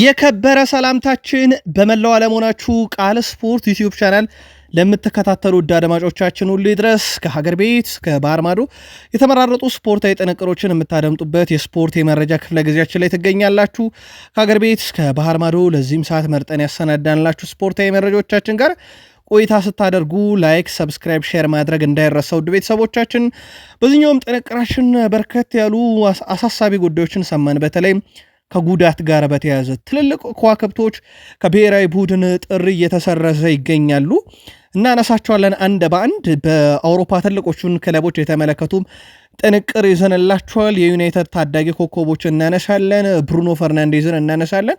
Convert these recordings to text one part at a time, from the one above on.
የከበረ ሰላምታችን በመላው ዓለም ሆናችሁ ቃል ስፖርት ዩቲዩብ ቻናል ለምትከታተሉ ውድ አድማጮቻችን ሁሉ ድረስ ከሀገር ቤት ከባህር ማዶ የተመራረጡ ስፖርታዊ ጥንቅሮችን የምታደምጡበት የስፖርት የመረጃ ክፍለ ጊዜያችን ላይ ትገኛላችሁ። ከሀገር ቤት ከባህር ማዶ ለዚህም ሰዓት መርጠን ያሰናዳንላችሁ ስፖርታዊ መረጃዎቻችን ጋር ቆይታ ስታደርጉ ላይክ፣ ሰብስክራይብ፣ ሼር ማድረግ እንዳይረሳ ውድ ቤተሰቦቻችን። በዚህኛውም ጥንቅራችን በርከት ያሉ አሳሳቢ ጉዳዮችን ሰማን። በተለይ ከጉዳት ጋር በተያያዘ ትልልቅ ከዋክብቶች ከብሔራዊ ቡድን ጥሪ እየተሰረዘ ይገኛሉ። እናነሳቸዋለን አንድ በአንድ በአውሮፓ ትልቆቹን ክለቦች የተመለከቱም ጥንቅር ይዘንላቸዋል። የዩናይተድ ታዳጊ ኮከቦች እናነሳለን፣ ብሩኖ ፈርናንዴዝን እናነሳለን።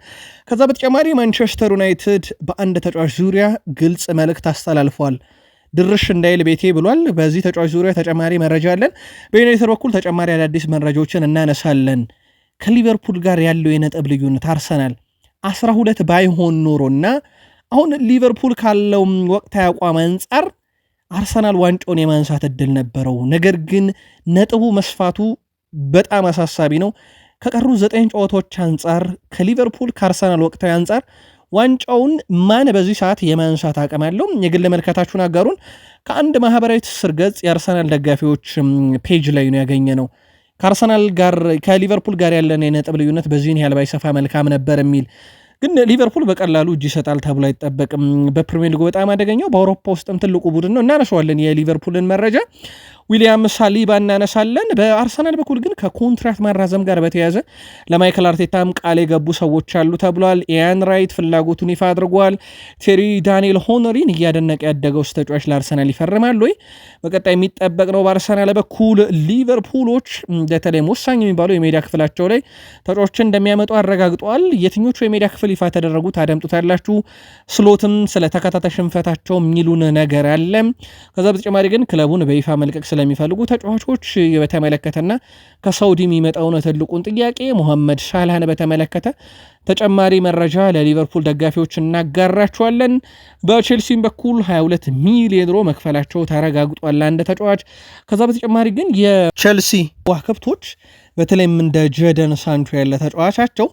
ከዛ በተጨማሪ ማንቸስተር ዩናይትድ በአንድ ተጫዋች ዙሪያ ግልጽ መልእክት አስተላልፏል። ድርሽ እንዳይል ቤቴ ብሏል። በዚህ ተጫዋች ዙሪያ ተጨማሪ መረጃ አለን። በዩናይትድ በኩል ተጨማሪ አዳዲስ መረጃዎችን እናነሳለን። ከሊቨርፑል ጋር ያለው የነጥብ ልዩነት አርሰናል 12 ባይሆን ኖሮና አሁን ሊቨርፑል ካለው ወቅታዊ አቋም አንጻር አርሰናል ዋንጫውን የማንሳት እድል ነበረው። ነገር ግን ነጥቡ መስፋቱ በጣም አሳሳቢ ነው። ከቀሩ ዘጠኝ ጨዋታዎች አንጻር ከሊቨርፑል ከአርሰናል ወቅታዊ አንጻር ዋንጫውን ማን በዚህ ሰዓት የማንሳት አቅም አለው? የግል መልከታችሁን አጋሩን። ከአንድ ማህበራዊ ትስስር ገጽ የአርሰናል ደጋፊዎች ፔጅ ላይ ነው ያገኘ ነው። ከአርሰናል ጋር ከሊቨርፑል ጋር ያለን የነጥብ ልዩነት በዚህን ያህል ባይሰፋ መልካም ነበር የሚል ግን ሊቨርፑል በቀላሉ እጅ ይሰጣል ተብሎ አይጠበቅም። በፕሪሚየር ሊጉ በጣም አደገኛው፣ በአውሮፓ ውስጥም ትልቁ ቡድን ነው። እናነሸዋለን የሊቨርፑልን መረጃ ዊሊያም ሳሊባ እናነሳለን። በአርሰናል በኩል ግን ከኮንትራት ማራዘም ጋር በተያያዘ ለማይክል አርቴታም ቃል የገቡ ሰዎች አሉ ተብሏል። ኢያን ራይት ፍላጎቱን ይፋ አድርጓል። ቴሪ ዳንኤል ሆነሪን እያደነቀ ያደገው ተጫዋች ለአርሰናል ይፈርማል ወይ? በቀጣይ የሚጠበቅ ነው። በአርሰናል በኩል ሊቨርፑሎች በተለይም ወሳኝ የሚባሉ የሜዳ ክፍላቸው ላይ ተጫዋቾችን እንደሚያመጡ አረጋግጠዋል። የትኞቹ የሜዳ ክፍል ይፋ ተደረጉ ታደምጡታላችሁ። ስሎትም ስለ ተከታታይ ሽንፈታቸው የሚሉን ነገር አለ። ከዛ በተጨማሪ ግን ክለቡን በይፋ መልቀቅ ስለ ስለሚፈልጉ ተጫዋቾች በተመለከተና ከሳውዲ የሚመጣውን ትልቁን ጥያቄ ሞሐመድ ሳላህን በተመለከተ ተጨማሪ መረጃ ለሊቨርፑል ደጋፊዎች እናጋራቸዋለን። በቼልሲም በኩል 22 ሚሊዮን ሮ መክፈላቸው ተረጋግጧል እንደ ተጫዋች። ከዛ በተጨማሪ ግን የቼልሲ ዋከብቶች በተለይም እንደ ጀደን ሳንቾ ያለ ተጫዋቻቸው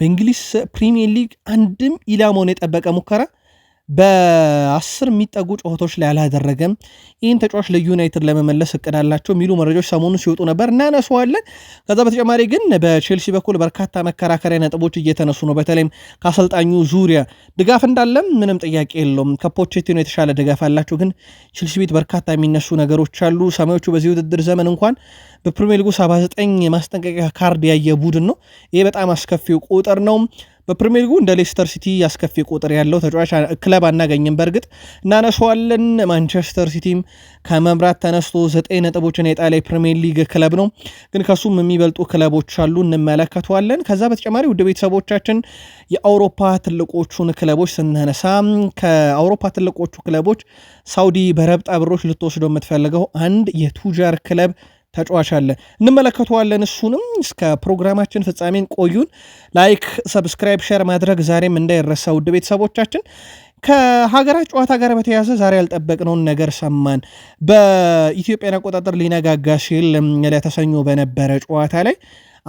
በእንግሊዝ ፕሪሚየር ሊግ አንድም ኢላማውን የጠበቀ ሙከራ በአስር የሚጠጉ ጨዋታዎች ላይ አላደረገም። ይህን ተጫዋች ለዩናይትድ ለመመለስ እቅድ አላቸው የሚሉ መረጃዎች ሰሞኑ ሲወጡ ነበር፣ እናነሰዋለን። ከዛ በተጨማሪ ግን በቼልሲ በኩል በርካታ መከራከሪያ ነጥቦች እየተነሱ ነው። በተለይም ከአሰልጣኙ ዙሪያ ድጋፍ እንዳለም ምንም ጥያቄ የለውም። ከፖቼቲኖ የተሻለ ድጋፍ አላቸው። ግን ቼልሲ ቤት በርካታ የሚነሱ ነገሮች አሉ። ሰማዮቹ በዚህ ውድድር ዘመን እንኳን በፕሪሚየር ሊጉ 79 ማስጠንቀቂያ ካርድ ያየ ቡድን ነው። ይሄ በጣም አስከፊው ቁጥር ነው። በፕሪሚየር ሊጉ እንደ ሌስተር ሲቲ አስከፊ ቁጥር ያለው ተጫዋች ክለብ አናገኝም። በእርግጥ እናነሷዋለን። ማንቸስተር ሲቲም ከመምራት ተነስቶ ዘጠኝ ነጥቦችን የጣለ የፕሪሚየር ሊግ ክለብ ነው፣ ግን ከሱም የሚበልጡ ክለቦች አሉ፣ እንመለከተዋለን። ከዛ በተጨማሪ ውድ ቤተሰቦቻችን የአውሮፓ ትልቆቹን ክለቦች ስናነሳ ከአውሮፓ ትልቆቹ ክለቦች ሳውዲ በረብጣ ብሮች ልትወስደው የምትፈልገው አንድ የቱጃር ክለብ ተጫዋች አለ። እንመለከተዋለን። እሱንም እስከ ፕሮግራማችን ፍጻሜን ቆዩን። ላይክ፣ ሰብስክራይብ፣ ሼር ማድረግ ዛሬም እንዳይረሳ ውድ ቤተሰቦቻችን። ከሀገራት ጨዋታ ጋር በተያያዘ ዛሬ ያልጠበቅነውን ነገር ሰማን። በኢትዮጵያን አቆጣጠር ሊነጋጋ ሲል ለተሰኞ በነበረ ጨዋታ ላይ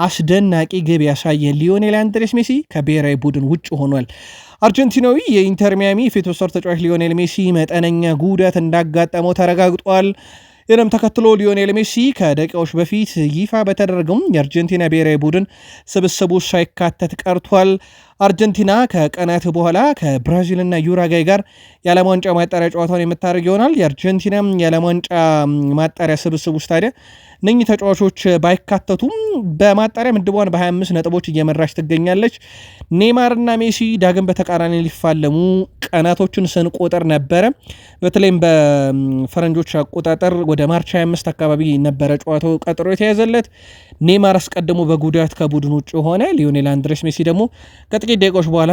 አስደናቂ ግብ ያሳየ ሊዮኔል አንድሬስ ሜሲ ከብሔራዊ ቡድን ውጭ ሆኗል። አርጀንቲናዊ የኢንተር ሚያሚ ፊት ወሳር ተጫዋች ሊዮኔል ሜሲ መጠነኛ ጉዳት እንዳጋጠመው ተረጋግጧል። ይህንም ተከትሎ ሊዮኔል ሜሲ ከደቂቃዎች በፊት ይፋ በተደረገውም የአርጀንቲና ብሔራዊ ቡድን ስብስቡ ሳይካተት ቀርቷል። አርጀንቲና ከቀናት በኋላ ከብራዚልና ዩራጋይ ጋር የዓለም ዋንጫ ማጣሪያ ጨዋታውን የምታደርግ ይሆናል። የአርጀንቲና የዓለም ዋንጫ ማጣሪያ ስብስቡ ውስጥ ታዲያ እነኚህ ተጫዋቾች ባይካተቱም በማጣሪያ ምድቧን በ25 ነጥቦች እየመራች ትገኛለች። ኔይማርና ሜሲ ዳግም በተቃራኒ ሊፋለሙ ቀናቶችን ስንቆጥር ነበረ። በተለይም በፈረንጆች አቆጣጠር ወደ ማርች 25 አካባቢ ነበረ ጨዋታው ቀጥሮ የተያዘለት። ኔይማር አስቀድሞ በጉዳት ከቡድን ውጭ ሆነ። ሊዮኔል አንድሬስ ሜሲ ደግሞ ከጥቂት ደቂቃዎች በኋላ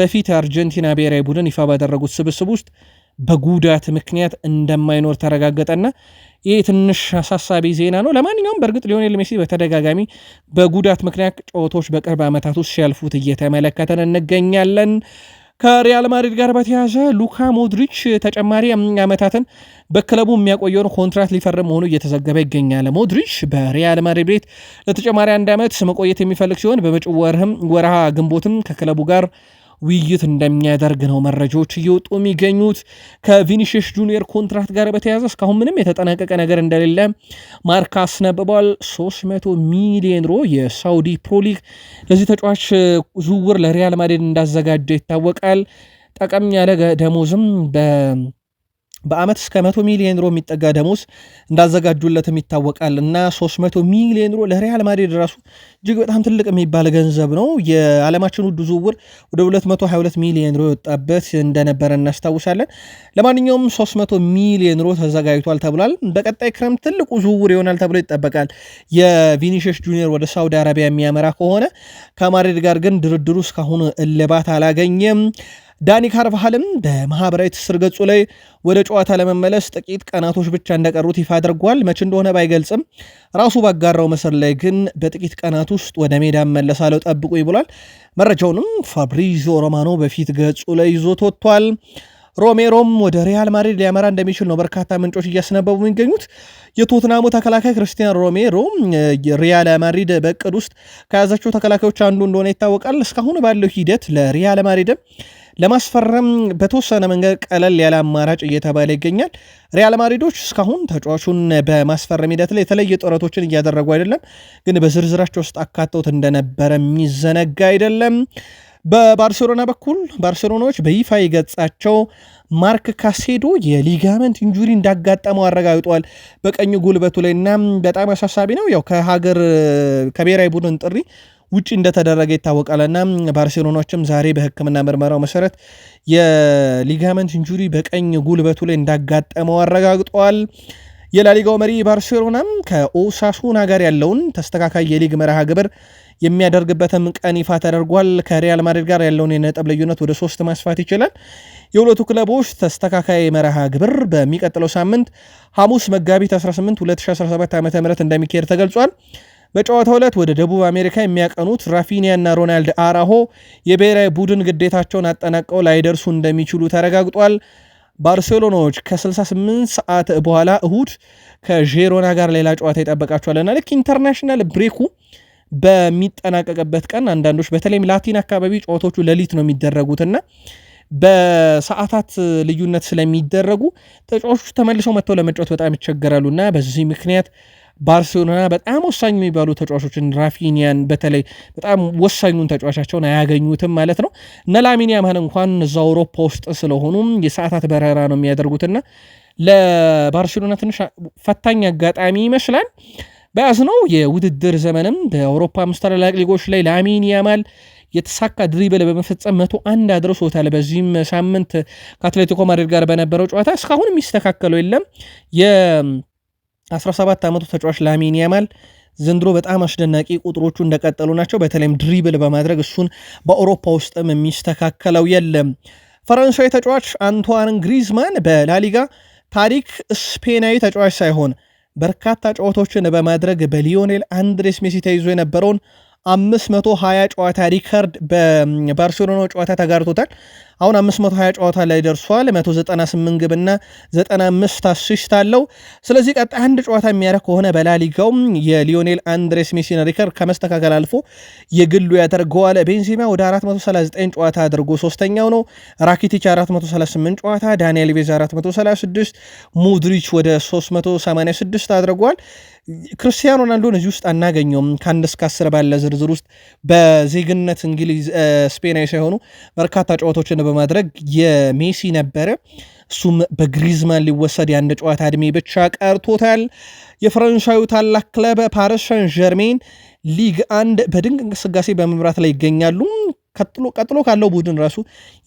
በፊት አርጀንቲና ብሔራዊ ቡድን ይፋ ባደረጉት ስብስብ ውስጥ በጉዳት ምክንያት እንደማይኖር ተረጋገጠና ይህ ትንሽ አሳሳቢ ዜና ነው። ለማንኛውም በእርግጥ ሊዮኔል ሜሲ በተደጋጋሚ በጉዳት ምክንያት ጨዋታዎች በቅርብ ዓመታት ውስጥ ሲያልፉት እየተመለከተን እንገኛለን። ከሪያል ማድሪድ ጋር በተያያዘ ሉካ ሞድሪች ተጨማሪ ዓመታትን በክለቡ የሚያቆየውን ኮንትራት ሊፈርም መሆኑ እየተዘገበ ይገኛል። ሞድሪች በሪያል ማድሪድ ቤት ለተጨማሪ አንድ ዓመት መቆየት የሚፈልግ ሲሆን በመጪው ወርህም ወርሃ ግንቦትም ከክለቡ ጋር ውይይት እንደሚያደርግ ነው መረጃዎች እየወጡ የሚገኙት። ከቪኒሽስ ጁኒየር ኮንትራክት ጋር በተያያዘ እስካሁን ምንም የተጠናቀቀ ነገር እንደሌለ ማርካ አስነብቧል። 300 ሚሊዮን ሮ የሳውዲ ፕሮሊግ ለዚህ ተጫዋች ዝውውር ለሪያል ማድሪድ እንዳዘጋጀ ይታወቃል። ጠቀም ያለ ደሞዝም በ በአመት እስከ 100 ሚሊዮን ሮ የሚጠጋ ደሞዝ እንዳዘጋጁለትም ይታወቃል እና 300 ሚሊዮን ሮ ለሪያል ማድሪድ ራሱ እጅግ በጣም ትልቅ የሚባል ገንዘብ ነው። የዓለማችን ውዱ ዝውውር ወደ 222 ሚሊዮን ሮ የወጣበት እንደነበረ እናስታውሳለን። ለማንኛውም 300 ሚሊዮን ሮ ተዘጋጅቷል ተብሏል። በቀጣይ ክረምት ትልቁ ዝውውር ይሆናል ተብሎ ይጠበቃል። የቪኒሽስ ጁኒየር ወደ ሳውዲ አረቢያ የሚያመራ ከሆነ ከማድሪድ ጋር ግን ድርድሩ እስካሁን እልባት አላገኘም። ዳኒ ካርቫሃልም በማህበራዊ ትስስር ገጹ ላይ ወደ ጨዋታ ለመመለስ ጥቂት ቀናቶች ብቻ እንደቀሩት ይፋ አድርጓል። መች እንደሆነ ባይገልጽም ራሱ ባጋራው ምስል ላይ ግን በጥቂት ቀናት ውስጥ ወደ ሜዳ መለሳለው ጠብቁ ይብሏል። መረጃውንም ፋብሪዞ ሮማኖ በፊት ገጹ ላይ ይዞት ወጥቷል። ሮሜሮም ወደ ሪያል ማድሪድ ሊያመራ እንደሚችል ነው በርካታ ምንጮች እያስነበቡ የሚገኙት። የቶትናሙ ተከላካይ ክርስቲያን ሮሜሮ ሪያል ማድሪድ በእቅድ ውስጥ ከያዛቸው ተከላካዮች አንዱ እንደሆነ ይታወቃል። እስካሁን ባለው ሂደት ለሪያል ማድሪድም ለማስፈረም በተወሰነ መንገድ ቀለል ያለ አማራጭ እየተባለ ይገኛል። ሪያል ማድሪዶች እስካሁን ተጫዋቹን በማስፈረም ሂደት ላይ የተለየ ጥረቶችን እያደረጉ አይደለም፣ ግን በዝርዝራቸው ውስጥ አካተውት እንደነበረ የሚዘነጋ አይደለም። በባርሴሎና በኩል ባርሴሎናዎች በይፋ የገጻቸው ማርክ ካሴዶ የሊጋመንት ኢንጁሪ እንዳጋጠመው አረጋግጧል በቀኝ ጉልበቱ ላይ እና በጣም አሳሳቢ ነው። ያው ከሀገር ከብሔራዊ ቡድን ጥሪ ውጪ እንደተደረገ ይታወቃልና ባርሴሎናዎችም ዛሬ በሕክምና ምርመራው መሰረት የሊጋመንት እንጁሪ በቀኝ ጉልበቱ ላይ እንዳጋጠመው አረጋግጠዋል። የላሊጋው መሪ ባርሴሎናም ከኦሳሱና ጋር ያለውን ተስተካካይ የሊግ መርሃ ግብር የሚያደርግበትም ቀን ይፋ ተደርጓል። ከሪያል ማድሪድ ጋር ያለውን የነጥብ ልዩነት ወደ ሶስት ማስፋት ይችላል። የሁለቱ ክለቦች ተስተካካይ መርሃ ግብር በሚቀጥለው ሳምንት ሐሙስ መጋቢት 18 2017 ዓ ም እንደሚካሄድ ተገልጿል። በጨዋታው ዕለት ወደ ደቡብ አሜሪካ የሚያቀኑት ራፊኒያና ሮናልድ አራሆ የብሔራዊ ቡድን ግዴታቸውን አጠናቀው ላይደርሱ እንደሚችሉ ተረጋግጧል። ባርሴሎናዎች ከ68 ሰዓት በኋላ እሁድ ከዤሮና ጋር ሌላ ጨዋታ ይጠበቃቸዋልና ልክ ኢንተርናሽናል ብሬኩ በሚጠናቀቅበት ቀን አንዳንዶች በተለይም ላቲን አካባቢ ጨዋታዎቹ ሌሊት ነው የሚደረጉትና በሰዓታት ልዩነት ስለሚደረጉ ተጫዋቾቹ ተመልሰው መጥተው ለመጫወት በጣም ይቸገራሉና በዚህ ምክንያት ባርሴሎና በጣም ወሳኝ የሚባሉ ተጫዋቾችን ራፊኒያን በተለይ በጣም ወሳኙን ተጫዋቻቸውን አያገኙትም ማለት ነው። እነ ላሚን ያማል እንኳን እዛ አውሮፓ ውስጥ ስለሆኑም የሰዓታት በረራ ነው የሚያደርጉትና ለባርሴሎና ትንሽ ፈታኝ አጋጣሚ ይመስላል። በያዝነው የውድድር ዘመንም በአውሮፓ አምስት ታላላቅ ሊጎች ላይ ላሚን ያማል የተሳካ ድሪብል በመፈጸም መቶ አንድ አድርሶታል። በዚህም ሳምንት ከአትሌቲኮ ማድሪድ ጋር በነበረው ጨዋታ እስካሁን የሚስተካከለው የለም። 17 ዓመቱ ተጫዋች ላሚን ያማል ዘንድሮ በጣም አስደናቂ ቁጥሮቹ እንደቀጠሉ ናቸው። በተለይም ድሪብል በማድረግ እሱን በአውሮፓ ውስጥም የሚስተካከለው የለም። ፈረንሳዊ ተጫዋች አንቷን ግሪዝማን በላሊጋ ታሪክ ስፔናዊ ተጫዋች ሳይሆን በርካታ ጨዋታዎችን በማድረግ በሊዮኔል አንድሬስ ሜሲ ተይዞ የነበረውን 520 ጨዋታ ሪከርድ በባርሴሎና ጨዋታ ተጋርቶታል። አሁን 520 ጨዋታ ላይ ደርሷል። 198 ግብና 95 አስሽት አለው። ስለዚህ ቀጣይ አንድ ጨዋታ የሚያደርግ ከሆነ በላሊጋው የሊዮኔል አንድሬስ ሜሲን ሪከርድ ከመስተካከል አልፎ የግሉ ያደርገዋል። ቤንዚማ ወደ 439 ጨዋታ አድርጎ ሶስተኛው ነው። ራኪቲች 438 ጨዋታ፣ ዳንኤል ቤዝ 436፣ ሙድሪች ወደ 386 አድርጓል። ክርስቲያኖ ሮናልዶን እዚህ ውስጥ አናገኘውም። ከአንድ እስከ አስር ባለ ዝርዝር ውስጥ በዜግነት እንግሊዝ ስፔናዊ ሳይሆኑ በርካታ ጨዋታዎችን በማድረግ የሜሲ ነበረ። እሱም በግሪዝማን ሊወሰድ የአንድ ጨዋታ ዕድሜ ብቻ ቀርቶታል። የፈረንሳዩ ታላቅ ክለብ ፓሪስ ሳን ዠርሜን ሊግ አንድ በድንቅ እንቅስቃሴ በመምራት ላይ ይገኛሉ። ቀጥሎ ካለው ቡድን ራሱ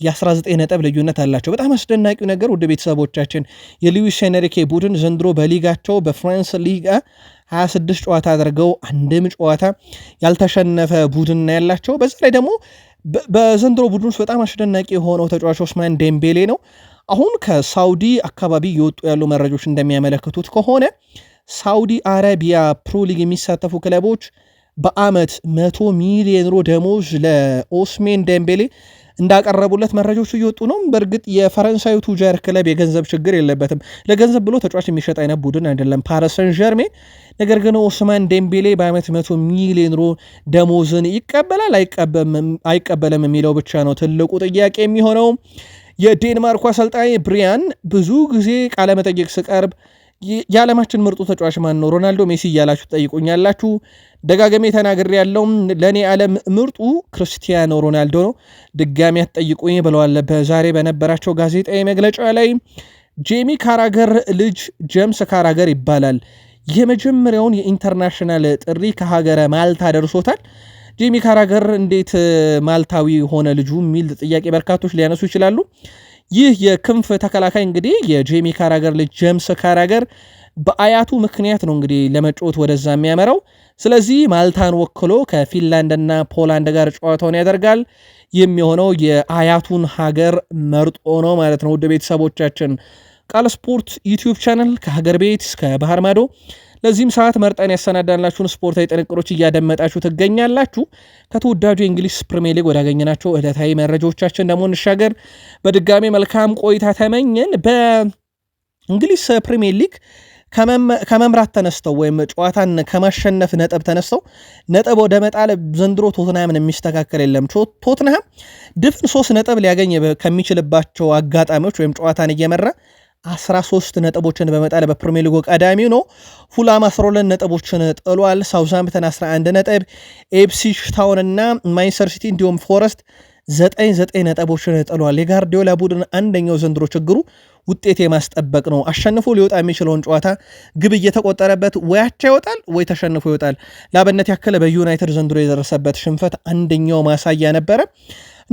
የ19 ነጥብ ልዩነት አላቸው። በጣም አስደናቂው ነገር ውድ ቤተሰቦቻችን የሉዊስ ኤንሪኬ ቡድን ዘንድሮ በሊጋቸው በፍራንስ ሊጋ 26 ጨዋታ አድርገው አንድም ጨዋታ ያልተሸነፈ ቡድን ያላቸው በዛ ላይ ደግሞ በዘንድሮ ቡድን ውስጥ በጣም አስደናቂ የሆነው ተጫዋች ኦስማን ዴምቤሌ ነው። አሁን ከሳውዲ አካባቢ እየወጡ ያሉ መረጃዎች እንደሚያመለክቱት ከሆነ ሳውዲ አረቢያ ፕሮ ሊግ የሚሳተፉ ክለቦች በአመት መቶ ሚሊዮን ዩሮ ደሞዝ ለኦስሜን ደምቤሌ እንዳቀረቡለት መረጃዎቹ እየወጡ ነው። በእርግጥ የፈረንሳዩ ቱጃር ክለብ የገንዘብ ችግር የለበትም። ለገንዘብ ብሎ ተጫዋች የሚሸጥ አይነት ቡድን አይደለም ፓሪስ ሰን ዠርሜን። ነገር ግን ኦስማን ዴምቤሌ በዓመት መቶ ሚሊዮን ሮ ደሞዝን ይቀበላል አይቀበልም የሚለው ብቻ ነው ትልቁ ጥያቄ የሚሆነው። የዴንማርኩ አሰልጣኝ ብሪያን ብዙ ጊዜ ቃለመጠይቅ ስቀርብ የዓለማችን ምርጡ ተጫዋች ማን ነው ሮናልዶ ሜሲ እያላችሁ ጠይቁኛላችሁ ደጋገሜ ተናግሬ ያለውም ለእኔ ዓለም ምርጡ ክርስቲያኖ ሮናልዶ ነው። ድጋሚ አትጠይቁኝ ብለዋል በዛሬ በነበራቸው ጋዜጣዊ መግለጫ ላይ። ጄሚ ካራገር ልጅ ጀምስ ካራገር ይባላል። የመጀመሪያውን የኢንተርናሽናል ጥሪ ከሀገረ ማልታ ደርሶታል። ጄሚ ካራገር እንዴት ማልታዊ ሆነ ልጁ የሚል ጥያቄ በርካቶች ሊያነሱ ይችላሉ። ይህ የክንፍ ተከላካይ እንግዲህ የጄሚ ካራገር ልጅ ጀምስ ካራገር በአያቱ ምክንያት ነው እንግዲህ ለመጫወት ወደዛ የሚያመራው። ስለዚህ ማልታን ወክሎ ከፊንላንድና ፖላንድ ጋር ጨዋታውን ያደርጋል። የሚሆነው የአያቱን ሀገር መርጦ ነው ማለት ነው። ውድ ቤተሰቦቻችን ቃል ስፖርት ዩቲዩብ ቻናል ከሀገር ቤት እስከ ባህር ማዶ ለዚህም ሰዓት መርጠን ያሰናዳላችሁን ስፖርታዊ ጥንቅሮች እያደመጣችሁ ትገኛላችሁ። ከተወዳጁ የእንግሊዝ ፕሪሚየር ሊግ ወዳገኘናቸው ዕለታዊ መረጃዎቻችን ደግሞ እንሻገር። በድጋሚ መልካም ቆይታ ተመኘን። በእንግሊዝ ፕሪሚየር ሊግ ከመምራት ተነስተው ወይም ጨዋታን ከማሸነፍ ነጥብ ተነስተው ነጥብ ወደ መጣል ዘንድሮ ቶትናምን የሚስተካከል የለም። ቶትናም ድፍን ሶስት ነጥብ ሊያገኝ ከሚችልባቸው አጋጣሚዎች ወይም ጨዋታን እየመራ 13 ነጥቦችን በመጣል በፕሪሚየር ሊጉ ቀዳሚው ነው። ፉላም 12 ነጥቦችን ጥሏል። ሳውዛምፕተን 11 ነጥብ፣ ኤፕሲሽ ታውን እና ማንቸስተር ሲቲ እንዲሁም ፎረስት 99 ነጥቦችን ጥሏል። የጋርዲዮላ ቡድን አንደኛው ዘንድሮ ችግሩ ውጤት የማስጠበቅ ነው። አሸንፎ ሊወጣ የሚችለውን ጨዋታ ግብ እየተቆጠረበት ወያቻ ይወጣል ወይ ተሸንፎ ይወጣል። ላብነት ያክል በዩናይትድ ዘንድሮ የደረሰበት ሽንፈት አንደኛው ማሳያ ነበረ።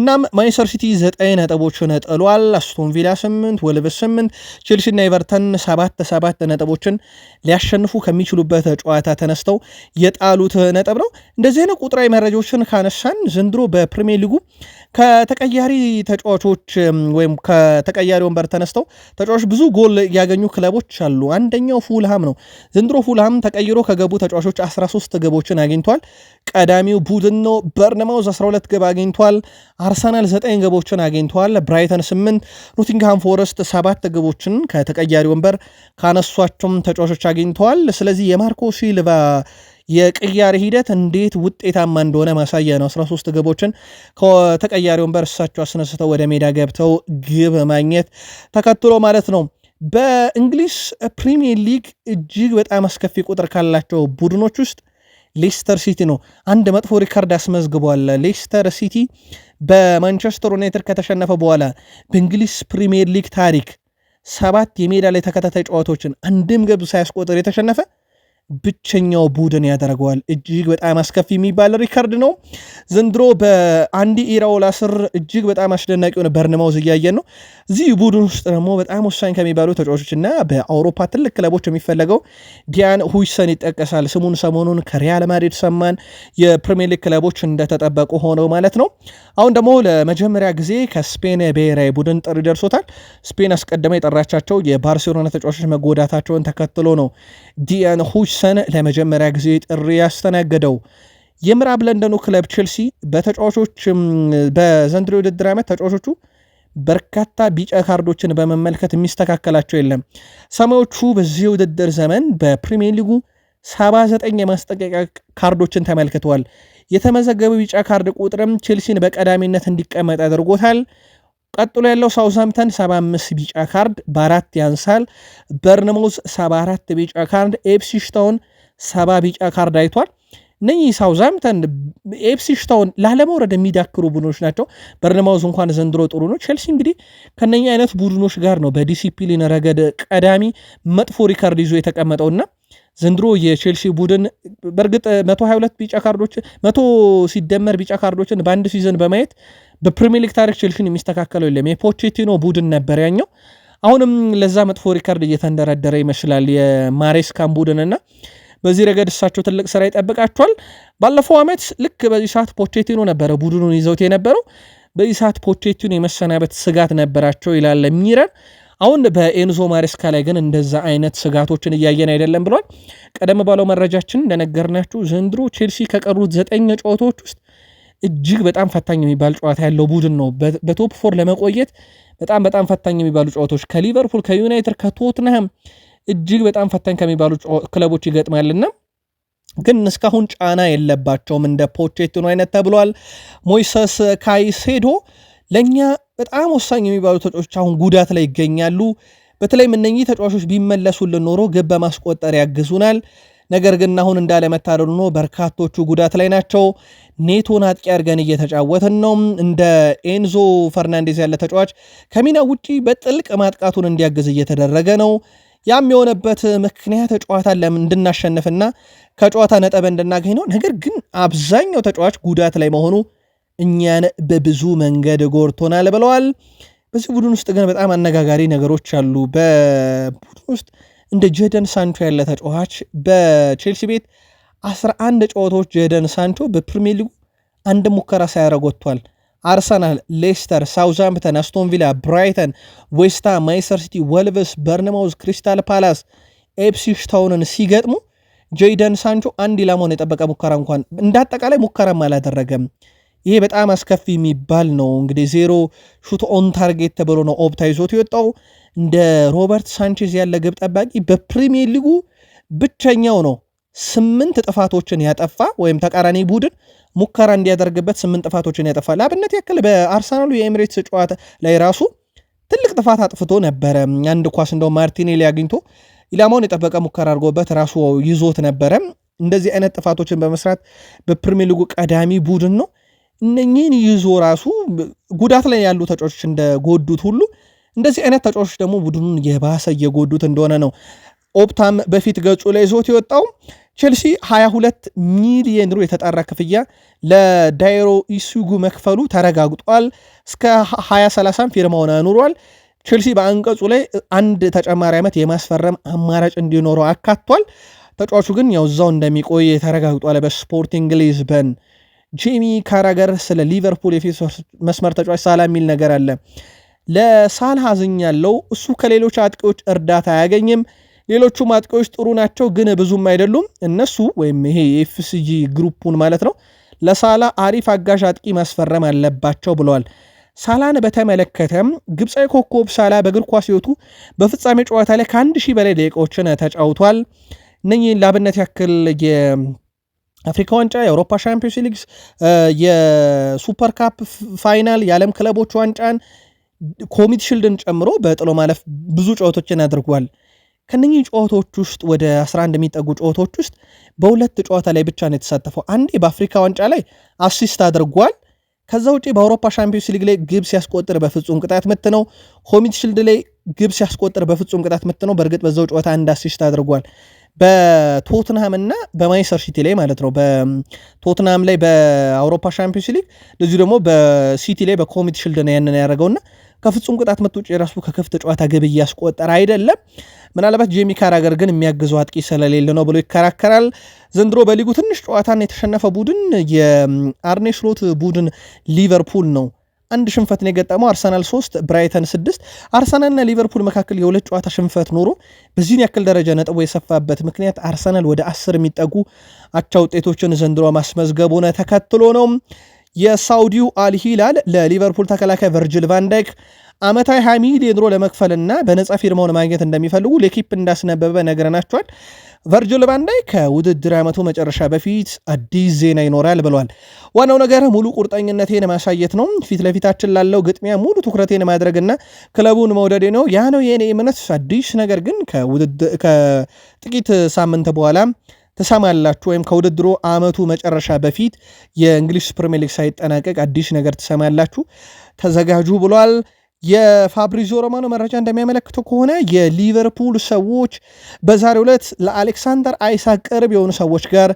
እናም ማንቸስተር ሲቲ ዘጠኝ ነጥቦችን ጥሏል። አስቶን ቪላ ስምንት ወልቭስ ስምንት ቼልሲና ኤቨርተን ሰባት ሰባት ነጥቦችን ሊያሸንፉ ከሚችሉበት ጨዋታ ተነስተው የጣሉት ነጥብ ነው። እንደዚህ አይነት ቁጥራዊ መረጃዎችን ካነሳን ዘንድሮ በፕሪሚየር ሊጉ ከተቀያሪ ተጫዋቾች ወይም ከተቀያሪ ወንበር ተነስተው ተጫዋቾች ብዙ ጎል ያገኙ ክለቦች አሉ። አንደኛው ፉልሃም ነው። ዘንድሮ ፉልሃም ተቀይሮ ከገቡ ተጫዋቾች 13 ግቦችን አግኝቷል። ቀዳሚው ቡድን ነው። በርነማውዝ 12 ግብ አግኝቷል። አርሰናል ዘጠኝ ግቦችን አግኝተዋል። ብራይተን ስምንት፣ ኖቲንግሃም ፎረስት ሰባት ግቦችን ከተቀያሪ ወንበር ካነሷቸውም ተጫዋቾች አግኝተዋል። ስለዚህ የማርኮ ሲልቫ የቅያሪ ሂደት እንዴት ውጤታማ እንደሆነ ማሳያ ነው። 13 ግቦችን ከተቀያሪ ወንበር እሳቸው አስነስተው ወደ ሜዳ ገብተው ግብ ማግኘት ተከትሎ ማለት ነው። በእንግሊዝ ፕሪሚየር ሊግ እጅግ በጣም አስከፊ ቁጥር ካላቸው ቡድኖች ውስጥ ሌስተር ሲቲ ነው። አንድ መጥፎ ሪካርድ አስመዝግቧል። ሌስተር ሲቲ በማንቸስተር ዩናይትድ ከተሸነፈ በኋላ በእንግሊዝ ፕሪሚየር ሊግ ታሪክ ሰባት የሜዳ ላይ ተከታታይ ጨዋታዎችን አንድም ግብ ሳያስቆጥር የተሸነፈ ብቸኛው ቡድን ያደርገዋል። እጅግ በጣም አስከፊ የሚባል ሪከርድ ነው። ዘንድሮ በአንዲ ኢራኦላ ስር እጅግ በጣም አስደናቂ የሆነ በርንማውዝ እያየን ነው። እዚህ ቡድን ውስጥ ደግሞ በጣም ወሳኝ ከሚባሉ ተጫዋቾች እና በአውሮፓ ትልቅ ክለቦች የሚፈለገው ዲያን ሁይሰን ይጠቀሳል። ስሙን ሰሞኑን ከሪያል ማድሪድ ሰማን። የፕሪሚየር ሊግ ክለቦች እንደተጠበቁ ሆነው ማለት ነው። አሁን ደግሞ ለመጀመሪያ ጊዜ ከስፔን ብሔራዊ ቡድን ጥሪ ደርሶታል። ስፔን አስቀድማ የጠራቻቸው የባርሴሎና ተጫዋቾች መጎዳታቸውን ተከትሎ ነው ዲያን ሮበርትሰን ለመጀመሪያ ጊዜ ጥሪ ያስተናገደው። የምዕራብ ለንደኑ ክለብ ቼልሲ በተጫዋቾች በዘንድሮ የውድድር ዓመት ተጫዋቾቹ በርካታ ቢጫ ካርዶችን በመመልከት የሚስተካከላቸው የለም። ሰማዮቹ በዚህ የውድድር ዘመን በፕሪሚየር ሊጉ 79 የማስጠንቀቂያ ካርዶችን ተመልክተዋል። የተመዘገበው ቢጫ ካርድ ቁጥርም ቼልሲን በቀዳሚነት እንዲቀመጥ አድርጎታል። ቀጥሎ ያለው ሳውዛምተን 75 ቢጫ ካርድ በአራት ያንሳል። በርንሞዝ 74 ቢጫ ካርድ፣ ኤፕሲሽታውን 70 ቢጫ ካርድ አይቷል። እነኚህ ሳውዛምተን ኤፕሲሽታውን ላለመውረድ የሚዳክሩ ቡድኖች ናቸው። በርንማውዝ እንኳን ዘንድሮ ጥሩ ነው። ቼልሲ እንግዲህ ከነኛ አይነት ቡድኖች ጋር ነው በዲሲፕሊን ረገድ ቀዳሚ መጥፎ ሪካርድ ይዞ የተቀመጠውና ዘንድሮ የቼልሲ ቡድን በእርግጥ 122 ቢጫ ካርዶች መቶ ሲደመር ቢጫ ካርዶችን በአንድ ሲዘን በማየት በፕሪሚየር ሊግ ታሪክ ቼልሲን የሚስተካከለው የለም። የፖቼቲኖ ቡድን ነበር ያኛው። አሁንም ለዛ መጥፎ ሪከርድ እየተንደረደረ ይመስላል የማሬስካን ቡድንና በዚህ ረገድ እሳቸው ትልቅ ስራ ይጠብቃቸዋል። ባለፈው ዓመት ልክ በዚህ ሰዓት ፖቼቲኖ ነበረ ቡድኑን ይዘውት የነበረው። በዚህ ሰዓት ፖቼቲኖ የመሰናበት ስጋት ነበራቸው ይላል ሚረር። አሁን በኤንዞ ማሬስካ ላይ ግን እንደዛ አይነት ስጋቶችን እያየን አይደለም ብሏል። ቀደም ባለው መረጃችን እንደነገርናችሁ ዘንድሮ ቼልሲ ከቀሩት ዘጠኝ ጨዋታዎች ውስጥ እጅግ በጣም ፈታኝ የሚባል ጨዋታ ያለው ቡድን ነው። በቶፕ ፎር ለመቆየት በጣም በጣም ፈታኝ የሚባሉ ጨዋታዎች ከሊቨርፑል፣ ከዩናይትድ፣ ከቶትንሃም እጅግ በጣም ፈታኝ ከሚባሉ ክለቦች ይገጥማልና ግን እስካሁን ጫና የለባቸውም እንደ ፖቼቲኖ አይነት ተብሏል። ሞይሰስ ካይሴዶ ለእኛ በጣም ወሳኝ የሚባሉ ተጫዋቾች አሁን ጉዳት ላይ ይገኛሉ። በተለይም እነኚህ ተጫዋቾች ቢመለሱልን ኖሮ ግብ በማስቆጠር ያግዙናል። ነገር ግን አሁን እንዳለመታደሉ ነው፣ በርካቶቹ ጉዳት ላይ ናቸው። ኔቶን አጥቂ አድርገን እየተጫወትን ነው። እንደ ኤንዞ ፈርናንዴዝ ያለ ተጫዋች ከሚና ውጪ በጥልቅ ማጥቃቱን እንዲያግዝ እየተደረገ ነው። ያም የሆነበት ምክንያት ጨዋታ ለምን እንድናሸንፍና ከጨዋታ ነጥብ እንድናገኝ ነው። ነገር ግን አብዛኛው ተጫዋች ጉዳት ላይ መሆኑ እኛን በብዙ መንገድ ጎርቶናል ብለዋል። በዚህ ቡድን ውስጥ ግን በጣም አነጋጋሪ ነገሮች አሉ። በቡድን ውስጥ እንደ ጀደን ሳንቾ ያለ ተጫዋች በቼልሲ ቤት 11 ጨዋታዎች ጀደን ሳንቾ በፕሪሚየር ሊጉ አንድ ሙከራ ሳያደርግ ወጥቷል። አርሰናል፣ ሌስተር፣ ሳውዝሃምፕተን፣ አስቶንቪላ፣ ብራይተን፣ ዌስታ፣ ማይስተር ሲቲ፣ ወልቨስ፣ በርነማውዝ፣ ክሪስታል ፓላስ፣ ኤፕሲሽ ታውንን ሲገጥሙ ጄደን ሳንቾ አንድ ኢላማውን የጠበቀ ሙከራ እንኳን እንደ አጠቃላይ ሙከራም አላደረገም። ይሄ በጣም አስከፊ የሚባል ነው። እንግዲህ ዜሮ ሹት ኦን ታርጌት ተብሎ ነው ኦፕታ ይዞት የወጣው። እንደ ሮበርት ሳንቼዝ ያለ ግብ ጠባቂ በፕሪሚየር ሊጉ ብቸኛው ነው ስምንት ጥፋቶችን ያጠፋ ወይም ተቃራኒ ቡድን ሙከራ እንዲያደርግበት ስምንት ጥፋቶችን ያጠፋ። ለአብነት ያክል በአርሰናሉ የኤምሬትስ ጨዋታ ላይ ራሱ ትልቅ ጥፋት አጥፍቶ ነበረ። አንድ ኳስ እንደው ማርቲኔሊ አግኝቶ ኢላማውን የጠበቀ ሙከራ አድርጎበት ራሱ ይዞት ነበረ። እንደዚህ አይነት ጥፋቶችን በመስራት በፕሪሚየር ሊጉ ቀዳሚ ቡድን ነው። እነኚህን ይዞ ራሱ ጉዳት ላይ ያሉ ተጫዋቾች እንደጎዱት ሁሉ እንደዚህ አይነት ተጫዋቾች ደግሞ ቡድኑን የባሰ እየጎዱት እንደሆነ ነው ኦፕታም በፊት ገጹ ላይ ዞት የወጣው። ቼልሲ 22 ሚሊየን ዩሮ የተጣራ ክፍያ ለዳይሮ ኢሱጉ መክፈሉ ተረጋግጧል። እስከ 2030 ፊርማውን አኑሯል። ቼልሲ በአንቀጹ ላይ አንድ ተጨማሪ ዓመት የማስፈረም አማራጭ እንዲኖረው አካቷል። ተጫዋቹ ግን ያው እዛው እንደሚቆይ ተረጋግጧል በስፖርቲንግ ሊዝበን ጄሚ ካራገር ስለ ሊቨርፑል የፊት መስመር ተጫዋች ሳላ የሚል ነገር አለ። ለሳላ አዝኛለሁ። እሱ ከሌሎች አጥቂዎች እርዳታ አያገኝም። ሌሎቹም አጥቂዎች ጥሩ ናቸው፣ ግን ብዙም አይደሉም። እነሱ ወይም ይሄ የኤፍሲጂ ግሩፑን ማለት ነው ለሳላ አሪፍ አጋዥ አጥቂ ማስፈረም አለባቸው ብለዋል። ሳላን በተመለከተም ግብፃዊ ኮከብ ሳላ በእግር ኳስ ሕይወቱ በፍጻሜ ጨዋታ ላይ ከአንድ ሺህ በላይ ደቂቃዎችን ተጫውቷል። እነኚህን ላብነት ያክል አፍሪካ ዋንጫ፣ የአውሮፓ ሻምፒዮንስ ሊግ፣ የሱፐር ካፕ ፋይናል፣ የዓለም ክለቦች ዋንጫን ኮሚት ሽልድን ጨምሮ በጥሎ ማለፍ ብዙ ጨዋታዎችን አድርጓል። ከነኚህ ጨዋታዎች ውስጥ ወደ 11 የሚጠጉ ጨዋታዎች ውስጥ በሁለት ጨዋታ ላይ ብቻ ነው የተሳተፈው። አንዴ በአፍሪካ ዋንጫ ላይ አሲስት አድርጓል። ከዛ ውጪ በአውሮፓ ሻምፒዮንስ ሊግ ላይ ግብ ሲያስቆጥር በፍጹም ቅጣት ምት ነው። ኮሚት ሽልድ ላይ ግብ ሲያስቆጥር በፍጹም ቅጣት ምት ነው። በእርግጥ በዛው ጨዋታ አንድ አሲስት አድርጓል። በቶትንሃም እና በማንቸስተር ሲቲ ላይ ማለት ነው። በቶትንሃም ላይ በአውሮፓ ሻምፒዮንስ ሊግ እንደዚሁ ደግሞ በሲቲ ላይ በኮሚቲ ሽልድ ነው ያንን ያደረገውና ከፍጹም ቅጣት ምት ውጭ የራሱ ከክፍት ጨዋታ ግብ እያስቆጠረ አይደለም። ምናልባት ጄሚ ካራገር ግን የሚያግዘው አጥቂ ስለሌለ ነው ብሎ ይከራከራል። ዘንድሮ በሊጉ ትንሽ ጨዋታን የተሸነፈ ቡድን የአርኔ ስሎት ቡድን ሊቨርፑል ነው። አንድ ሽንፈት ነው የገጠመው። አርሰናል 3 ብራይተን ስድስት አርሰናልና ሊቨርፑል መካከል የሁለት ጨዋታ ሽንፈት ኖሮ በዚህን ያክል ደረጃ ነጥቦ የሰፋበት ምክንያት አርሰናል ወደ 10 የሚጠጉ አቻ ውጤቶችን ዘንድሮ ማስመዝገብ ሆነ ተከትሎ ነው። የሳውዲው አልሂላል ለሊቨርፑል ተከላካይ ቨርጅል ቫንዳይክ አመታዊ 20 ሚሊዮን ዩሮ ለመክፈልና በነጻ ፊርማውን ማግኘት እንደሚፈልጉ ለኪፕ እንዳስነበበ ነግረናቸዋል። ቨርጅል ቫን ከውድድር ዓመቱ መጨረሻ በፊት አዲስ ዜና ይኖራል ብሏል። ዋናው ነገር ሙሉ ቁርጠኝነቴን ማሳየት ነው። ፊት ለፊታችን ላለው ግጥሚያ ሙሉ ትኩረቴን ማድረግና ክለቡን መውደዴ ነው። ያ ነው የእኔ እምነት። አዲስ ነገር ግን ከጥቂት ሳምንት በኋላ ትሰማላችሁ ወይም ከውድድሩ ዓመቱ መጨረሻ በፊት የእንግሊዝ ፕሪሚየር ሊግ ሳይጠናቀቅ አዲስ ነገር ትሰማላችሁ። ተዘጋጁ ብሏል። የፋብሪዞ ሮማኖ መረጃ እንደሚያመለክተው ከሆነ የሊቨርፑል ሰዎች በዛሬው ዕለት ለአሌክሳንደር አይሳክ ቅርብ የሆኑ ሰዎች ጋር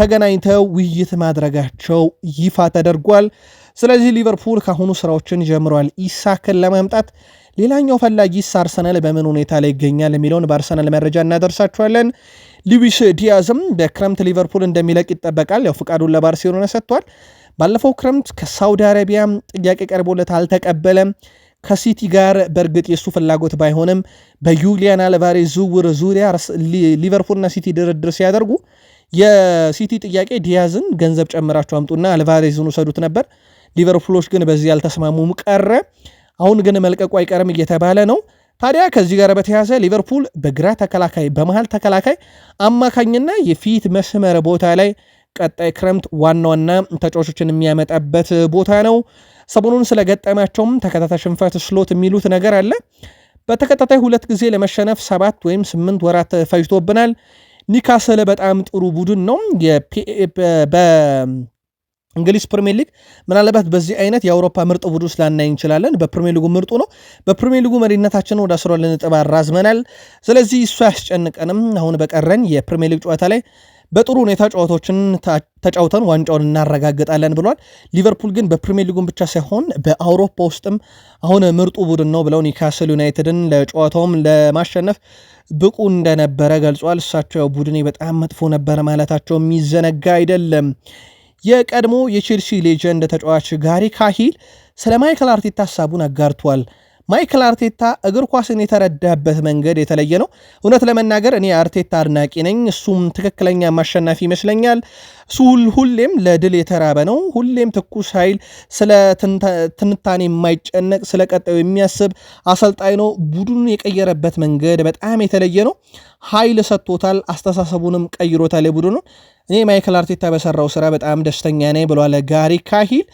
ተገናኝተው ውይይት ማድረጋቸው ይፋ ተደርጓል። ስለዚህ ሊቨርፑል ካሁኑ ስራዎችን ጀምሯል። ኢሳክን ለማምጣት ሌላኛው ፈላጊ አርሰናል በምን ሁኔታ ላይ ይገኛል የሚለውን በአርሰናል መረጃ እናደርሳችኋለን። ሊዊስ ዲያዝም በክረምት ሊቨርፑል እንደሚለቅ ይጠበቃል። ያው ፍቃዱን ለባርሴሎና ሰጥቷል። ባለፈው ክረምት ከሳውዲ አረቢያ ጥያቄ ቀርቦለት አልተቀበለም። ከሲቲ ጋር በእርግጥ የእሱ ፍላጎት ባይሆንም በዩሊያን አልቫሬዝ ዝውውር ዙሪያ ሊቨርፑልና ሲቲ ድርድር ሲያደርጉ የሲቲ ጥያቄ ዲያዝን ገንዘብ ጨምራችሁ አምጡና አልቫሬዝን ውሰዱት ነበር። ሊቨርፑሎች ግን በዚህ ያልተስማሙም ቀረ። አሁን ግን መልቀቁ አይቀርም እየተባለ ነው። ታዲያ ከዚህ ጋር በተያያዘ ሊቨርፑል በግራ ተከላካይ፣ በመሃል ተከላካይ፣ አማካኝና የፊት መስመር ቦታ ላይ ቀጣይ ክረምት ዋና ዋና ተጫዋቾችን የሚያመጣበት ቦታ ነው። ሰሞኑን ስለገጠማቸውም ተከታታይ ሽንፈት ስሎት የሚሉት ነገር አለ። በተከታታይ ሁለት ጊዜ ለመሸነፍ ሰባት ወይም ስምንት ወራት ፈጅቶብናል። ኒካስል በጣም ጥሩ ቡድን ነው። እንግሊዝ ፕሪሚየር ሊግ ምናልባት በዚህ አይነት የአውሮፓ ምርጥ ቡድን ስላናይ እንችላለን። በፕሪሚየር ሊጉ ምርጡ ነው። በፕሪሚየር ሊጉ መሪነታችን ወደ አስራ ነጥብ አራዝመናል። ስለዚህ እሱ አያስጨንቀንም። አሁን በቀረን የፕሪሚየር ሊግ ጨዋታ ላይ በጥሩ ሁኔታ ጨዋታዎችን ተጫውተን ዋንጫውን እናረጋግጣለን ብሏል። ሊቨርፑል ግን በፕሪሚየር ሊጉን ብቻ ሳይሆን በአውሮፓ ውስጥም አሁን ምርጡ ቡድን ነው ብለው ኒካስል ዩናይትድን ለጨዋታውም ለማሸነፍ ብቁ እንደነበረ ገልጿል። እሳቸው ቡድኔ በጣም መጥፎ ነበረ ማለታቸው የሚዘነጋ አይደለም። የቀድሞ የቼልሲ ሌጀንድ ተጫዋች ጋሪ ካሂል ስለ ማይክል አርቴታ ሀሳቡን አጋርቷል። ማይክል አርቴታ እግር ኳስን የተረዳበት መንገድ የተለየ ነው። እውነት ለመናገር እኔ አርቴታ አድናቂ ነኝ። እሱም ትክክለኛ ማሸናፊ ይመስለኛል። እሱ ሁሌም ለድል የተራበ ነው። ሁሌም ትኩስ ኃይል፣ ስለ ትንታኔ የማይጨነቅ ስለ ቀጣዩ የሚያስብ አሰልጣኝ ነው። ቡድኑን የቀየረበት መንገድ በጣም የተለየ ነው። ኃይል ሰጥቶታል። አስተሳሰቡንም ቀይሮታል የቡድኑን። እኔ ማይክል አርቴታ በሰራው ስራ በጣም ደስተኛ ነኝ ብሏል ጋሪ ካሂል።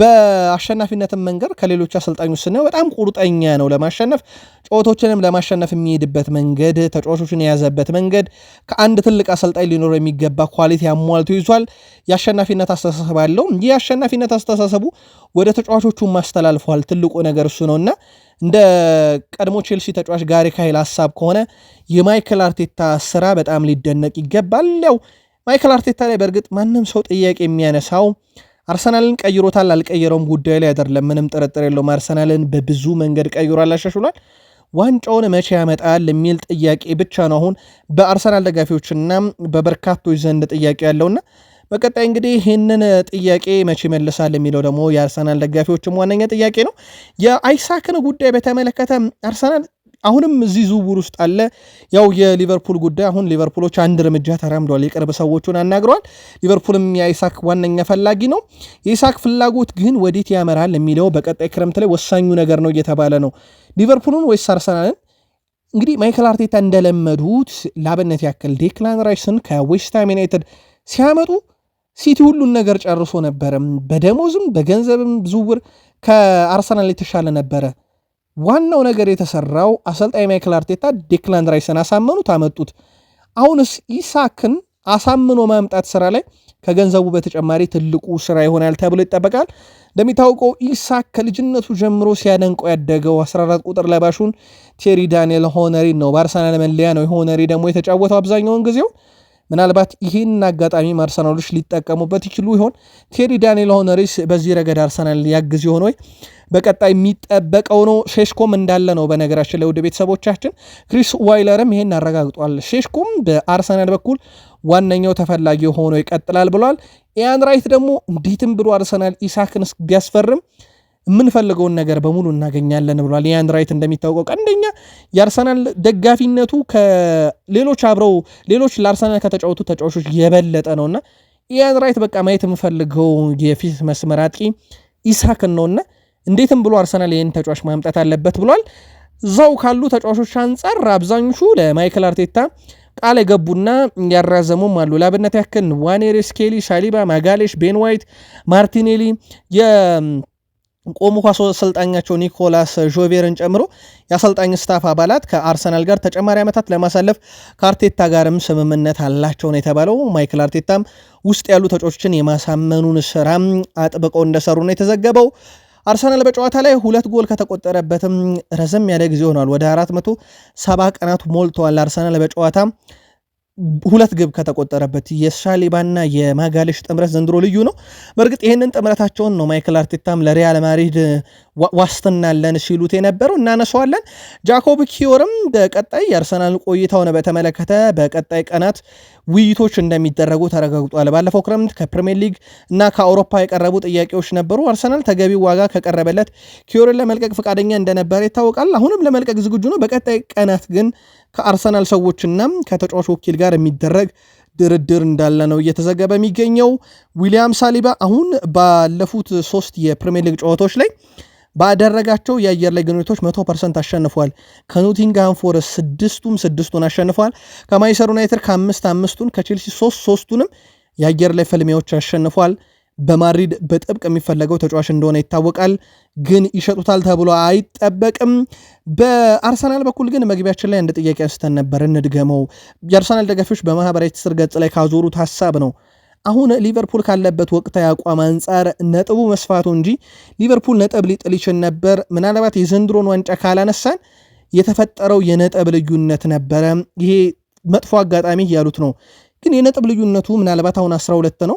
በአሸናፊነትም መንገድ ከሌሎች አሰልጣኞች ስናየው በጣም ቁርጠኛ ነው ለማሸነፍ ጨዋታዎችንም ለማሸነፍ የሚሄድበት መንገድ ተጫዋቾችን የያዘበት መንገድ ከአንድ ትልቅ አሰልጣኝ ሊኖረው የሚገባ ኳሊቲ አሟልቶ ይዟል። የአሸናፊነት አስተሳሰብ አለው። ይህ የአሸናፊነት አስተሳሰቡ ወደ ተጫዋቾቹ አስተላልፏል። ትልቁ ነገር እሱ እና እንደ ቀድሞ ቼልሲ ተጫዋች ጋሪ ካይል ሀሳብ ከሆነ የማይክል አርቴታ ስራ በጣም ሊደነቅ ይገባል። ያው ማይክል አርቴታ ላይ በእርግጥ ማንም ሰው ጥያቄ የሚያነሳው አርሰናልን ቀይሮታል አልቀየረውም ጉዳዩ ላይ አይደለም፣ ምንም ጥርጥር የለውም። አርሰናልን በብዙ መንገድ ቀይሯል፣ አሻሽሏል። ዋንጫውን መቼ ያመጣል የሚል ጥያቄ ብቻ ነው አሁን በአርሰናል ደጋፊዎችና በበርካቶች ዘንድ ጥያቄ ያለውና በቀጣይ እንግዲህ ይህንን ጥያቄ መቼ ይመልሳል የሚለው ደግሞ የአርሰናል ደጋፊዎችም ዋነኛ ጥያቄ ነው። የአይሳክን ጉዳይ በተመለከተ አርሰናል አሁንም እዚህ ዝውውር ውስጥ አለ። ያው የሊቨርፑል ጉዳይ አሁን ሊቨርፑሎች አንድ እርምጃ ተራምደዋል። የቅርብ ሰዎቹን አናግረዋል። ሊቨርፑልም የኢሳክ ዋነኛ ፈላጊ ነው። የኢሳክ ፍላጎት ግን ወዴት ያመራል የሚለው በቀጣይ ክረምት ላይ ወሳኙ ነገር ነው እየተባለ ነው። ሊቨርፑልን ወይስ አርሰናልን? እንግዲህ ማይክል አርቴታ እንደለመዱት ላብነት ያክል ዴክላን ራይስን ከዌስትሃም ዩናይትድ ሲያመጡ ሲቲ ሁሉን ነገር ጨርሶ ነበረ። በደሞዝም በገንዘብም ዝውውር ከአርሰናል የተሻለ ነበረ። ዋናው ነገር የተሰራው አሰልጣኝ ማይክል አርቴታ ዴክላን ራይስን አሳመኑት፣ አመጡት። አሁንስ ኢሳክን አሳምኖ ማምጣት ስራ ላይ ከገንዘቡ በተጨማሪ ትልቁ ስራ ይሆናል ተብሎ ይጠበቃል። እንደሚታወቀው ኢሳክ ከልጅነቱ ጀምሮ ሲያደንቀው ያደገው 14 ቁጥር ለባሹን ቴሪ ዳንኤል ሆነሪ ነው። በአርሰናል መለያ ነው ሆነሪ ደግሞ የተጫወተው አብዛኛውን ጊዜው ምናልባት ይህን አጋጣሚ አርሰናሎች ሊጠቀሙበት ይችሉ ይሆን? ቴሪ ዳንኤል ሆነሪስ በዚህ ረገድ አርሰናል ያግዝ ይሆን ወይ? በቀጣይ የሚጠበቀው ነው። ሼሽኮም እንዳለ ነው። በነገራችን ለውድ ቤተሰቦቻችን ክሪስ ዋይለርም ይሄን አረጋግጧል። ሼሽኮም በአርሰናል በኩል ዋነኛው ተፈላጊ ሆኖ ይቀጥላል ብሏል። ኢያን ራይት ደግሞ እንዴትም ብሎ አርሰናል ኢሳክን ቢያስፈርም የምንፈልገውን ነገር በሙሉ እናገኛለን ብሏል። ያን ራይት እንደሚታወቀው ቀንደኛ የአርሰናል ደጋፊነቱ ከሌሎች አብረው ሌሎች ለአርሰናል ከተጫወቱ ተጫዋቾች የበለጠ ነውና ያን ራይት በቃ ማየት የምፈልገው የፊት መስመር አጥቂ ኢሳክን ነውና እንዴትም ብሎ አርሰናል ይህን ተጫዋች ማምጣት አለበት ብሏል። እዛው ካሉ ተጫዋቾች አንጻር አብዛኞቹ ለማይክል አርቴታ ቃል የገቡና ያራዘሙም አሉ። ለአብነት ያክል ዋኔሬስ፣ ኬሊ፣ ሳሊባ፣ ማጋሌሽ፣ ቤን ዋይት፣ ማርቲኔሊ ቆሙ ኳስ አሰልጣኛቸው ኒኮላስ ዦቬርን ጨምሮ የአሰልጣኝ ስታፍ አባላት ከአርሰናል ጋር ተጨማሪ ዓመታት ለማሳለፍ ከአርቴታ ጋርም ስምምነት አላቸው ነው የተባለው። ማይክል አርቴታም ውስጥ ያሉ ተጫዋቾችን የማሳመኑን ስራ አጥብቀው እንደሰሩ ነው የተዘገበው። አርሰናል በጨዋታ ላይ ሁለት ጎል ከተቆጠረበትም ረዘም ያለ ጊዜ ሆኗል። ወደ 470 ቀናት ሞልተዋል። አርሰናል በጨዋታ ሁለት ግብ ከተቆጠረበት የሳሊባና የማጋሌሽ ጥምረት ዘንድሮ ልዩ ነው። በእርግጥ ይህንን ጥምረታቸውን ነው ማይክል አርቴታም ለሪያል ማድሪድ ዋስትና ሲሉት የነበረው እናነሰዋለን። ጃኮብ ኪዮርም በቀጣይ የአርሰናል ቆይታውን በተመለከተ በቀጣይ ቀናት ውይይቶች እንደሚደረጉ ተረጋግጧል። ባለፈው ክረምት ከፕሪሚየር ሊግ እና ከአውሮፓ የቀረቡ ጥያቄዎች ነበሩ። አርሰናል ተገቢ ዋጋ ከቀረበለት ኪዮርን ለመልቀቅ ፈቃደኛ እንደነበረ ይታወቃል። አሁንም ለመልቀቅ ዝግጁ ነው። በቀጣይ ቀናት ግን ከአርሰናል ሰዎችና ከተጫዋች ወኪል ጋር የሚደረግ ድርድር እንዳለ ነው እየተዘገበ የሚገኘው። ዊሊያም ሳሊባ አሁን ባለፉት ሶስት የፕሪሚየር ሊግ ጨዋታዎች ላይ ባደረጋቸው የአየር ላይ ግንኙነቶች 100 ፐርሰንት አሸንፏል። ከኖቲንግሃም ፎረስት ስድስቱም ስድስቱን አሸንፏል። ከማንቸስተር ዩናይትድ ከአምስት አምስቱን፣ ከቼልሲ ሶስት ሶስቱንም የአየር ላይ ፍልሚያዎች አሸንፏል። በማድሪድ በጥብቅ የሚፈለገው ተጫዋች እንደሆነ ይታወቃል። ግን ይሸጡታል ተብሎ አይጠበቅም። በአርሰናል በኩል ግን መግቢያችን ላይ አንድ ጥያቄ አንስተን ነበር፣ እንድገመው። የአርሰናል ደጋፊዎች በማህበራዊ ትስስር ገጽ ላይ ካዞሩት ሀሳብ ነው አሁን ሊቨርፑል ካለበት ወቅታዊ አቋም አንጻር ነጥቡ መስፋቱ እንጂ ሊቨርፑል ነጥብ ሊጥል ይችል ነበር። ምናልባት የዘንድሮን ዋንጫ ካላነሳን የተፈጠረው የነጥብ ልዩነት ነበረ። ይሄ መጥፎ አጋጣሚ እያሉት ነው። ግን የነጥብ ልዩነቱ ምናልባት አሁን 12 ነው።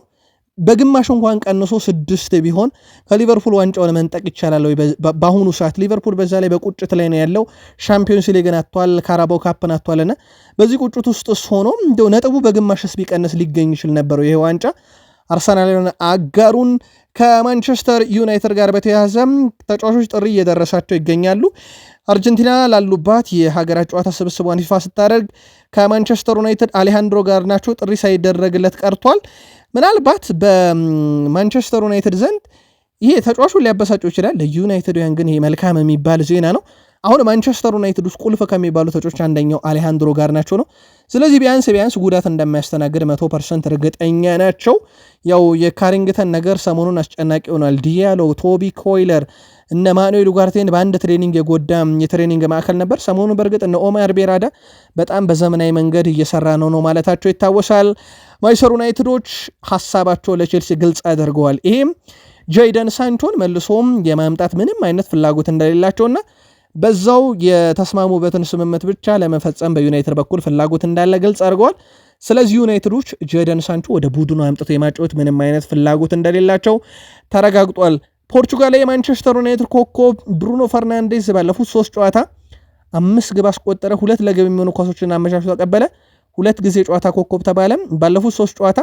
በግማሽ እንኳን ቀንሶ ስድስት ቢሆን ከሊቨርፑል ዋንጫውን መንጠቅ ይቻላል ወይ? በአሁኑ ሰዓት ሊቨርፑል በዛ ላይ በቁጭት ላይ ነው ያለው። ሻምፒዮንስ ሊግን አቷል፣ ካራባው ካፕን አቷልና በዚህ ቁጭት ስ ሆኖ እንደው ነጥቡ በግማሽስ ቢቀንስ ሊገኝ ይችል ነበረው ይሄ ዋንጫ። አርሰናልን አጋሩን ከማንቸስተር ዩናይትድ ጋር በተያያዘ ተጫዋቾች ጥሪ እየደረሳቸው ይገኛሉ። አርጀንቲና ላሉባት የሀገራት ጨዋታ ስብስቧን ይፋ ስታደርግ ከማንቸስተር ዩናይትድ አሌሃንድሮ ናቸው ጥሪ ሳይደረግለት ቀርቷል። ምናልባት በማንቸስተር ዩናይትድ ዘንድ ይሄ ተጫዋቹን ሊያበሳጨው ይችላል። ለዩናይትድያን ግን ይሄ መልካም የሚባል ዜና ነው። አሁን ማንቸስተር ዩናይትድ ውስጥ ቁልፍ ከሚባሉ ተጫዋች አንደኛው አሌሃንድሮ ጋር ናቸው ነው። ስለዚህ ቢያንስ ቢያንስ ጉዳት እንደማያስተናግድ መቶ ፐርሰንት እርግጠኛ ናቸው። ያው የካሪንግተን ነገር ሰሞኑን አስጨናቂ ሆኗል። ዲያሎ፣ ቶቢ ኮይለር እነ ማኑኤል ኡጋርቴን በአንድ ትሬኒንግ የጎዳ የትሬኒንግ ማዕከል ነበር። ሰሞኑን በእርግጥ እነ ኦማር ቤራዳ በጣም በዘመናዊ መንገድ እየሰራ ነው ነው ማለታቸው ይታወሳል። ማንችስተር ዩናይትዶች ሀሳባቸው ለቼልሲ ግልጽ አድርገዋል። ይሄም ጀይደን ሳንቾን መልሶም የማምጣት ምንም አይነት ፍላጎት እንደሌላቸውና በዛው የተስማሙበትን ስምምት ብቻ ለመፈጸም በዩናይትድ በኩል ፍላጎት እንዳለ ግልጽ አድርገዋል። ስለዚህ ዩናይትዶች ጀደን ሳንቾ ወደ ቡድኑ አምጥቶ የማጫወት ምንም አይነት ፍላጎት እንደሌላቸው ተረጋግጧል። ፖርቹጋል የማንቸስተር ዩናይትድ ኮከብ ብሩኖ ፈርናንዴዝ ባለፉት ሶስት ጨዋታ አምስት ግብ አስቆጠረ። ሁለት ለግብ የሚሆኑ ኳሶችን አመቻቹ ተቀበለ። ሁለት ጊዜ ጨዋታ ኮከብ ተባለም። ባለፉት ሶስት ጨዋታ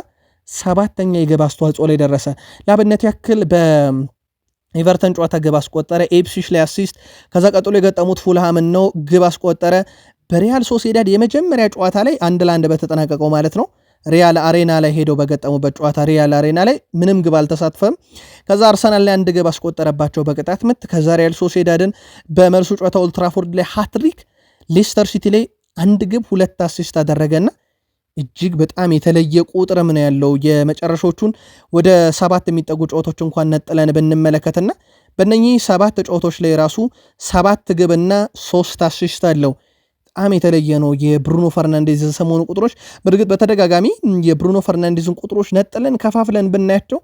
ሰባተኛ የግብ አስተዋጽኦ ላይ ደረሰ። ለአብነት ያክል በኤቨርተን ጨዋታ ግብ አስቆጠረ። ኤፕሲሽ ላይ አሲስት። ከዛ ቀጥሎ የገጠሙት ፉልሃምን ነው ግብ አስቆጠረ። በሪያል ሶሴዳድ የመጀመሪያ ጨዋታ ላይ አንድ ለአንድ በተጠናቀቀው ማለት ነው ሪያል አሬና ላይ ሄደው በገጠሙበት ጨዋታ ሪያል አሬና ላይ ምንም ግብ አልተሳትፈም። ከዛ አርሰናል ላይ አንድ ግብ አስቆጠረባቸው በቅጣት ምት። ከዛ ሪያል ሶሴዳድን በመልሱ ጨዋታ ኦልትራፎርድ ላይ ሃትሪክ፣ ሌስተር ሲቲ ላይ አንድ ግብ ሁለት አሲስት አደረገና እጅግ በጣም የተለየ ቁጥር ነው ያለው። የመጨረሻዎቹን ወደ ሰባት የሚጠጉ ጨዋታዎች እንኳን ነጥለን ብንመለከትና በእነኚህ ሰባት ጨዋታዎች ላይ ራሱ ሰባት ግብና ሶስት አሲስት አለው። በጣም የተለየ ነው። የብሩኖ ፈርናንዴዝ የሰሞኑ ቁጥሮች በእርግጥ በተደጋጋሚ የብሩኖ ፈርናንዴዝን ቁጥሮች ነጥለን ከፋፍለን ብናያቸው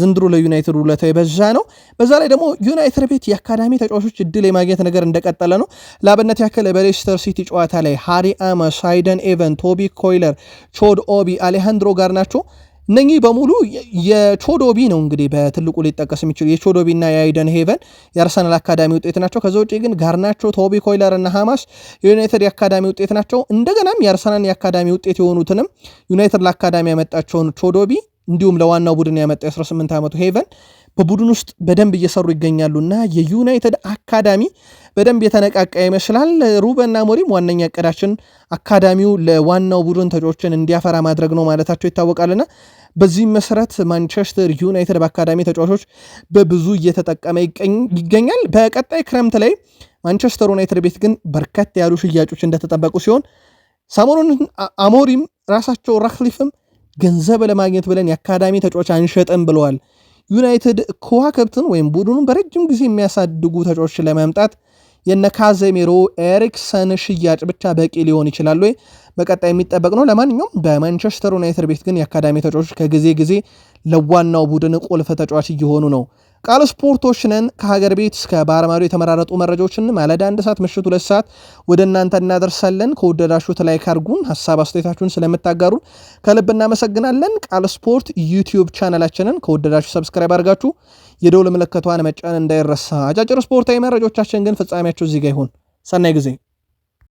ዘንድሮ ለዩናይትድ ውለታው የበዛ ነው። በዛ ላይ ደግሞ ዩናይትድ ቤት የአካዳሚ ተጫዋቾች እድል የማግኘት ነገር እንደቀጠለ ነው። ለአብነት ያክል በሌስተር ሲቲ ጨዋታ ላይ ሃሪ አመ፣ ሳይደን ኤቨን፣ ቶቢ ኮይለር፣ ቾድ ኦቢ፣ አሌሃንድሮ ጋር ናቸው እነኚህ በሙሉ የቾዶቢ ነው እንግዲህ በትልቁ ሊጠቀስ የሚችሉ እና የአይደን ሄቨን የአርሰናል አካዳሚ ውጤት ናቸው። ከዛ ውጭ ግን ጋርናቾ፣ ቶቢ ኮይለር እና ሃማስ የዩናይትድ የአካዳሚ ውጤት ናቸው። እንደገናም የአርሰናል የአካዳሚ ውጤት የሆኑትንም ዩናይትድ ለአካዳሚ ያመጣቸውን ቾዶቢ እንዲሁም ለዋናው ቡድን ያመጣው የ18 ዓመቱ ሄቨን በቡድን ውስጥ በደንብ እየሰሩ ይገኛሉና የዩናይትድ አካዳሚ በደንብ የተነቃቃ ይመስላል። ሩበን አሞሪም ዋነኛ እቅዳችን አካዳሚው ለዋናው ቡድን ተጫዋቾችን እንዲያፈራ ማድረግ ነው ማለታቸው ይታወቃልና በዚህም መሰረት ማንቸስተር ዩናይትድ በአካዳሚ ተጫዋቾች በብዙ እየተጠቀመ ይገኛል። በቀጣይ ክረምት ላይ ማንቸስተር ዩናይትድ ቤት ግን በርከት ያሉ ሽያጮች እንደተጠበቁ ሲሆን ሰሞኑን አሞሪም ራሳቸው ራክሊፍም ገንዘብ ለማግኘት ብለን የአካዳሚ ተጫዋች አንሸጥም ብለዋል። ዩናይትድ ከዋክብትን ወይም ቡድኑን በረጅም ጊዜ የሚያሳድጉ ተጫዋቾችን ለማምጣት የነ ካዜሚሮ ኤሪክሰን ሽያጭ ብቻ በቂ ሊሆን ይችላል ወይ? በቀጣይ የሚጠበቅ ነው። ለማንኛውም በማንቸስተር ዩናይትድ ቤት ግን የአካዳሚ ተጫዋቾች ከጊዜ ጊዜ ለዋናው ቡድን ቁልፍ ተጫዋች እየሆኑ ነው። ቃል ስፖርቶች ነን። ከሀገር ቤት እስከ ባህር ማዶ የተመራረጡ መረጃዎችን ማለዳ አንድ ሰዓት፣ ምሽት ሁለት ሰዓት ወደ እናንተ እናደርሳለን። ከወደዳችሁት ላይክ ካርጉን ሀሳብ አስተያየታችሁን ስለምታጋሩን ከልብ እናመሰግናለን። ቃል ስፖርት ዩቲዩብ ቻናላችንን ከወደዳችሁ ሰብስክራይብ አድርጋችሁ የደውል ምልክቷን መጫን እንዳይረሳ። አጫጭር ስፖርታዊ መረጃዎቻችን ግን ፍጻሜያቸው እዚህ ጋር ይሁን። ሰናይ ጊዜ